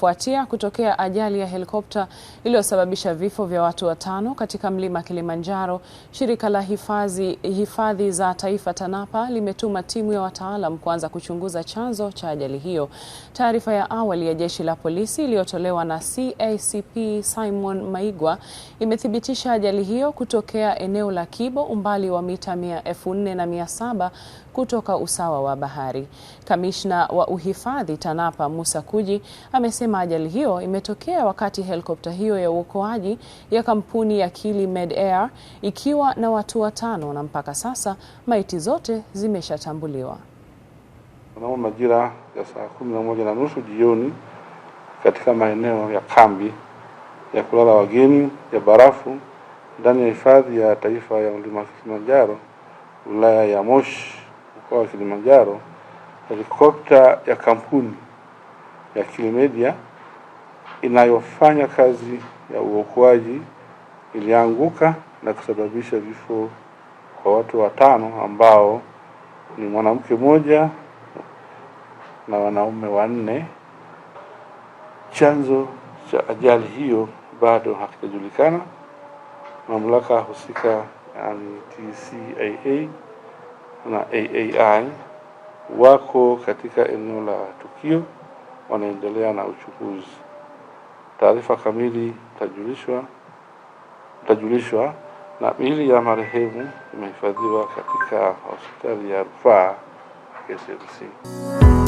kufuatia kutokea ajali ya helikopta iliyosababisha vifo vya watu watano katika mlima Kilimanjaro, shirika la hifadhi, hifadhi za taifa TANAPA limetuma timu ya wataalam kuanza kuchunguza chanzo cha ajali hiyo. Taarifa ya awali ya jeshi la polisi iliyotolewa na CACP Simon Maigwa imethibitisha ajali hiyo kutokea eneo la Kibo, umbali wa mita elfu na mia saba kutoka usawa wa bahari. Kamishna wa uhifadhi TANAPA Musa Kuji amesema amesema ajali hiyo imetokea wakati helikopta hiyo ya uokoaji ya kampuni ya Kili Med Air ikiwa na watu watano na mpaka sasa maiti zote zimeshatambuliwa. Mnamo majira ya saa kumi na moja na nusu jioni katika maeneo ya kambi ya kulala wageni ya Barafu ndani ya hifadhi ya taifa ya mlima Kilimanjaro wilaya ya Moshi mkoa wa Kilimanjaro helikopta ya kampuni ya Kimedia inayofanya kazi ya uokoaji ilianguka na kusababisha vifo kwa watu watano ambao ni mwanamke mmoja na wanaume wanne. Chanzo cha ajali hiyo bado hakijajulikana. Mamlaka husika yani TCAA na AAI wako katika eneo la tukio wanaendelea na uchukuzi. Taarifa kamili tajulishwa tajulishwa. na miili ya marehemu imehifadhiwa katika hospitali ya rufaa KCMC.